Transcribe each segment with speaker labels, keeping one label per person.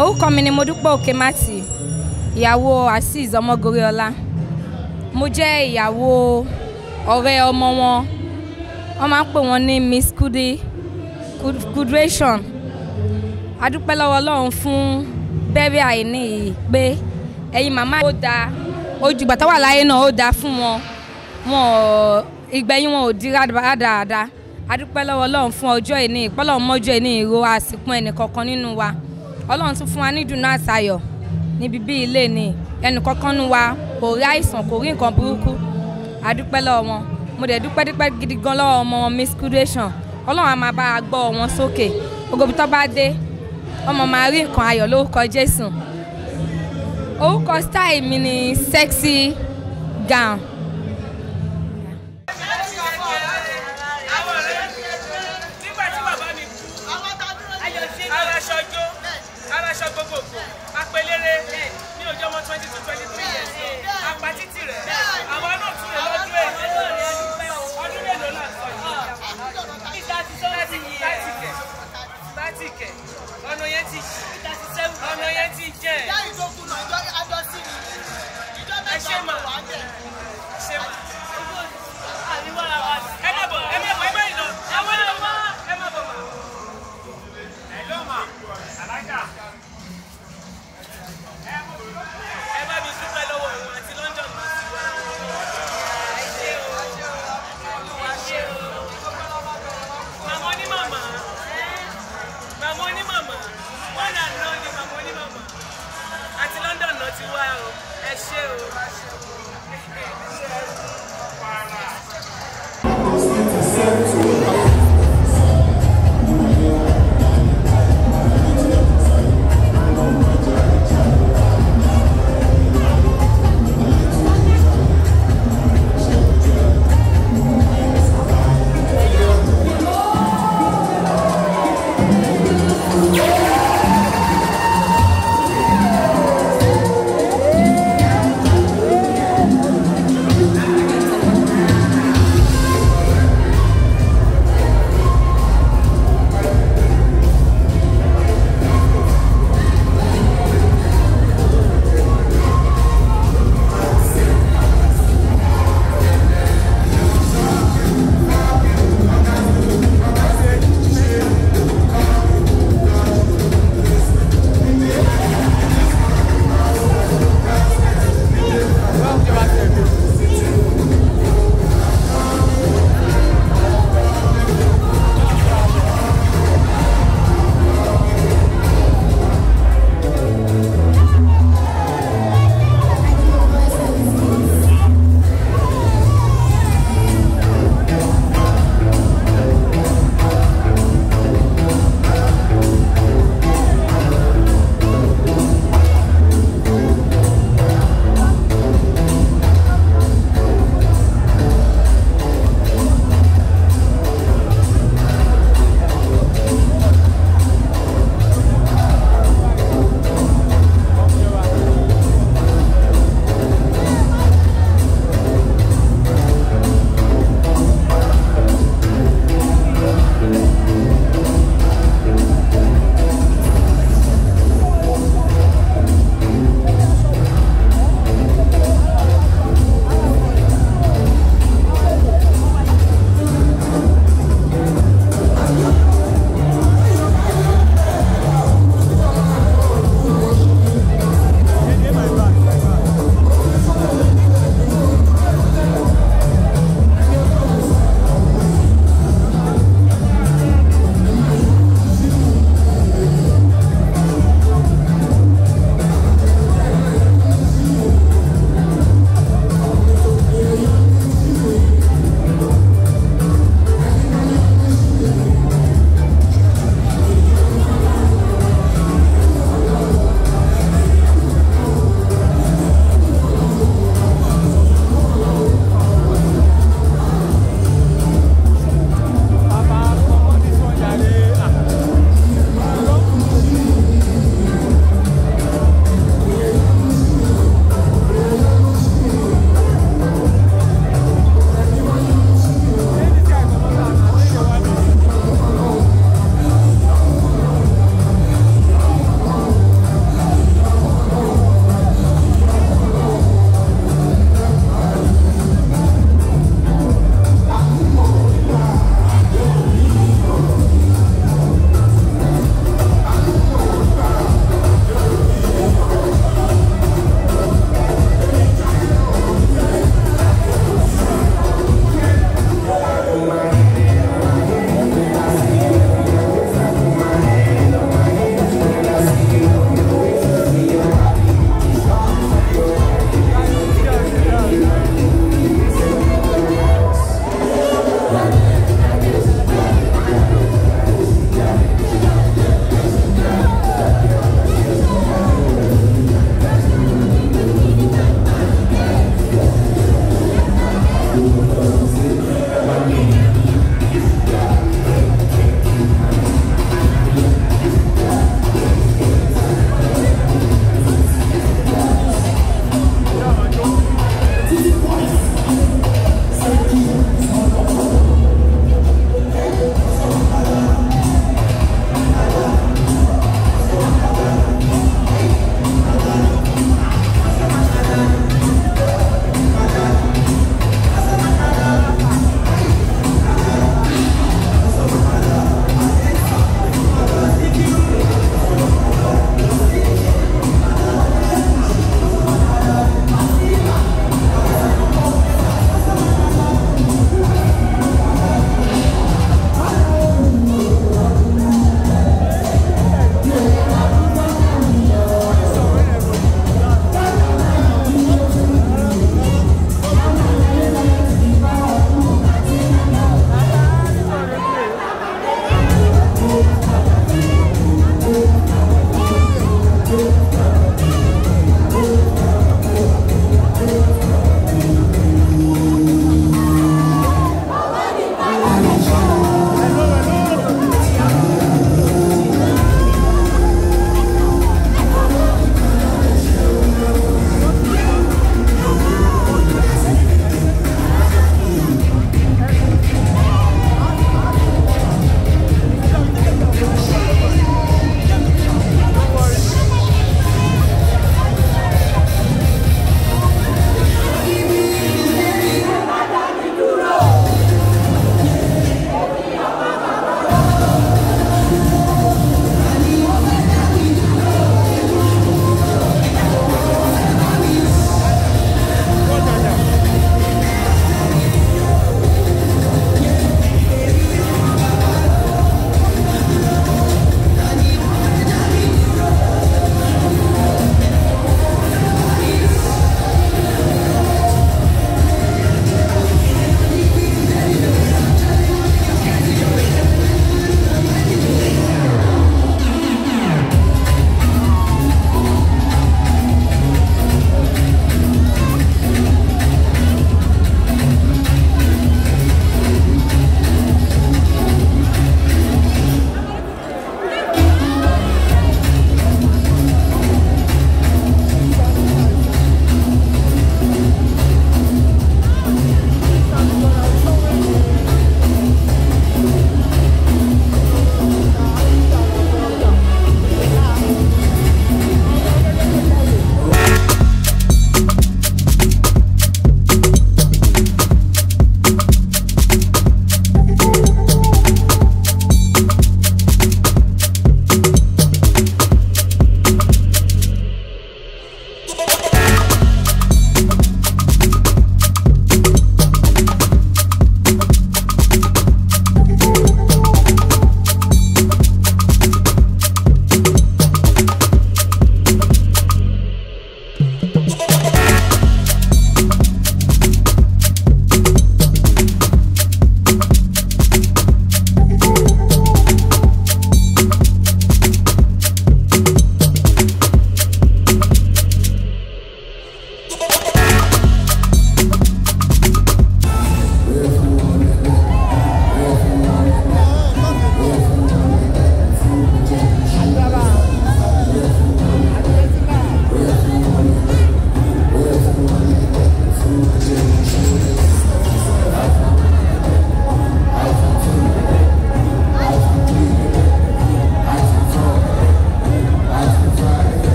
Speaker 1: orúkọ mi ni modúpẹ́ òkèmátì ìyàwó azeez ọmọgoríọlá mo jẹ́ ìyàwó ọ̀rẹ́ ọmọ wọn wọ́n máa ń pè wọ́n ní miss kudi kudration adúpẹ́ lọ́wọ́ ọlọ́run fún bẹ́rẹ̀ àìní yìí pé ẹ̀yin màmá ó dáa ojú ìgbà tó wà láyé náà ó dáa fún wọn wọn ìgbẹ̀yìn wọn ò di rádaràda adúpẹ́ lọ́wọ́ ọlọ́run fún ọjọ́ ìní ìpọ́lọ́run mọ́jọ́ ìní ìró àsìkò ẹnì kọ̀ọ̀kan nínú wa ọlọ́run tún fún wa ní ìdùnnú àtayọ̀ níbi bí ilé ni ẹnì kankan nu wa kò rí àìsàn kò rí nǹkan burúkú adúpẹ́ lọ́wọ́ wọn mo dẹ̀ dúpẹ́ dúpẹ́ gidi gan lọ́wọ́ ọmọ wọn miss graduation ọlọ́run a máa bá a gbọ́ wọn sókè ogobi tó bá dé ọmọ máa rí nǹkan ayọ̀ lórúkọ jésù orúkọ style mi ni sexy gown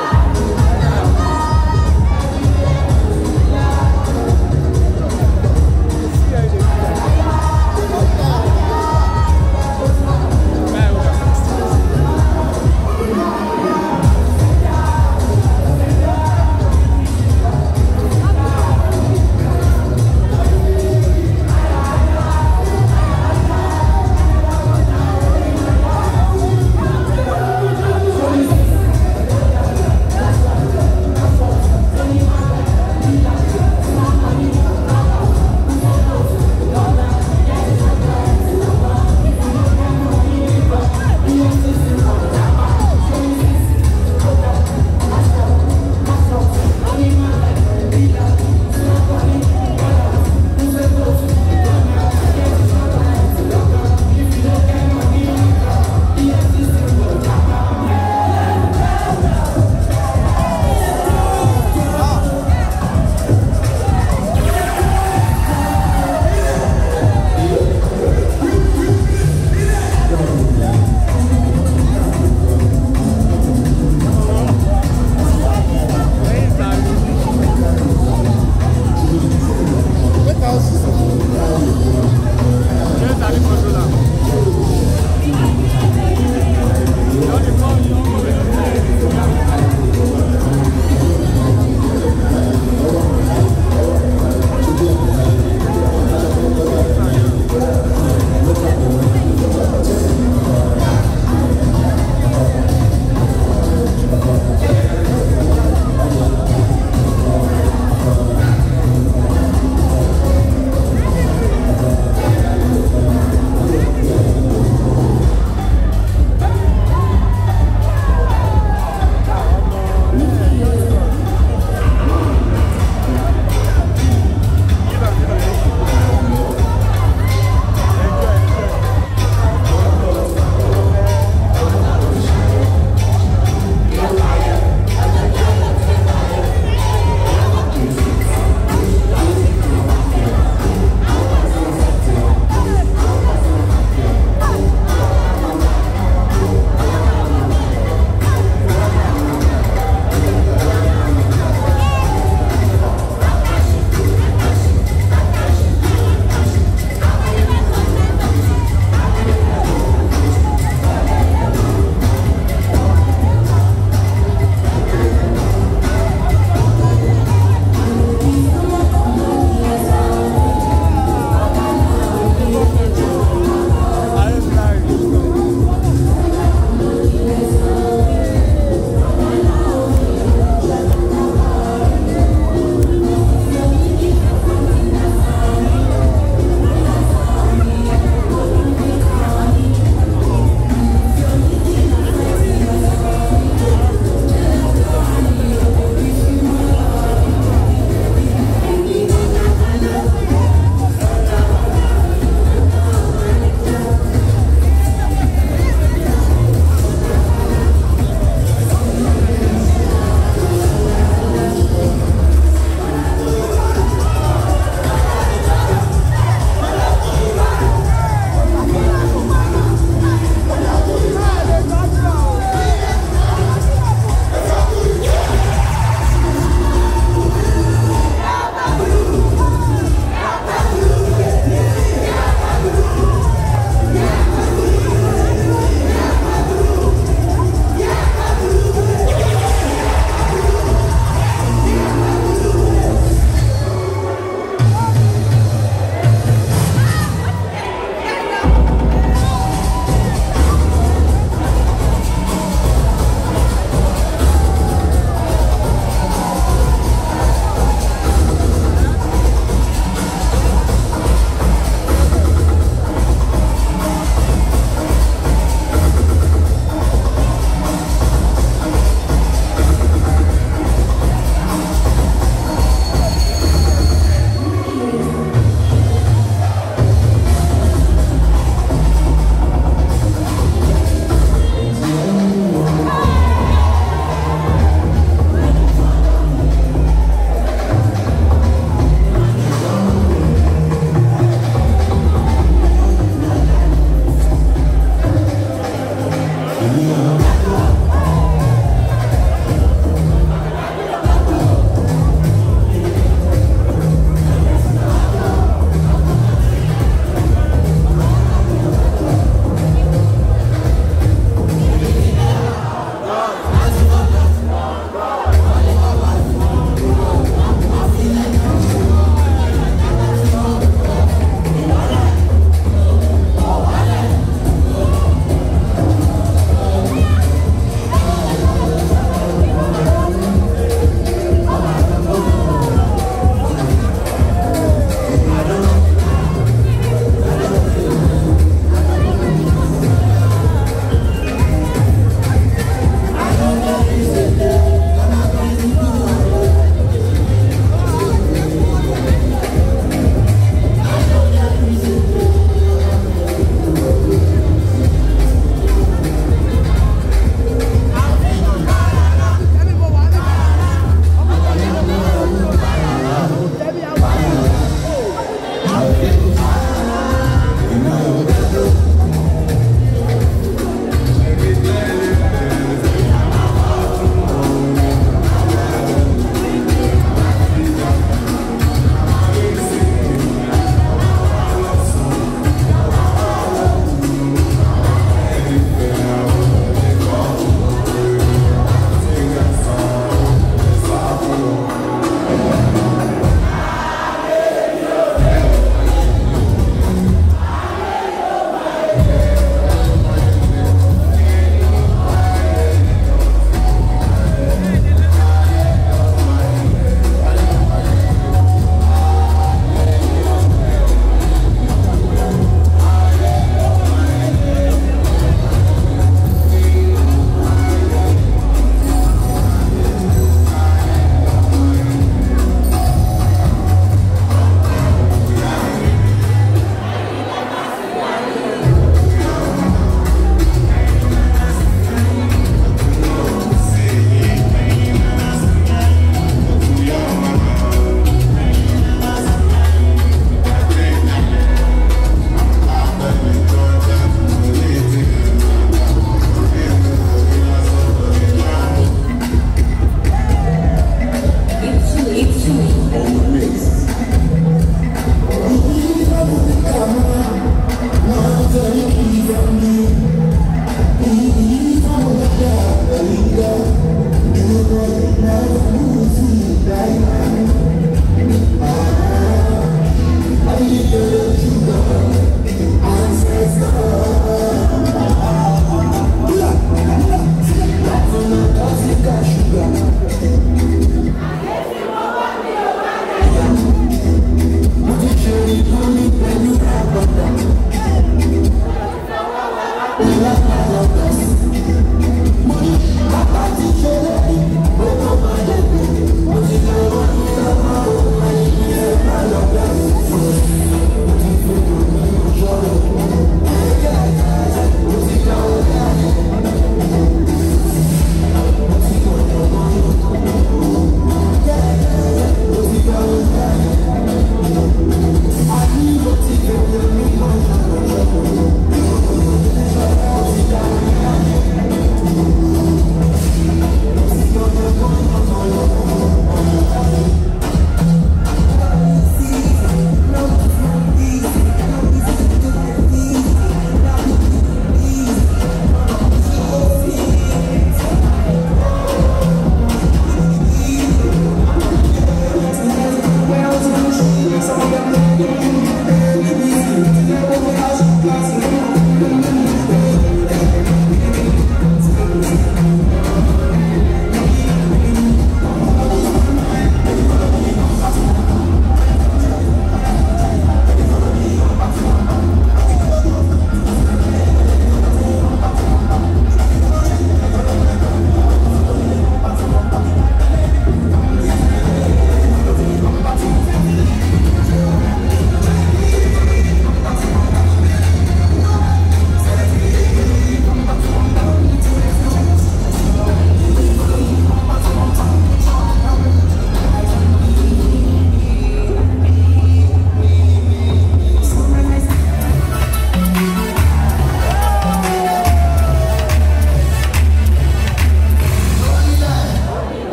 Speaker 2: you.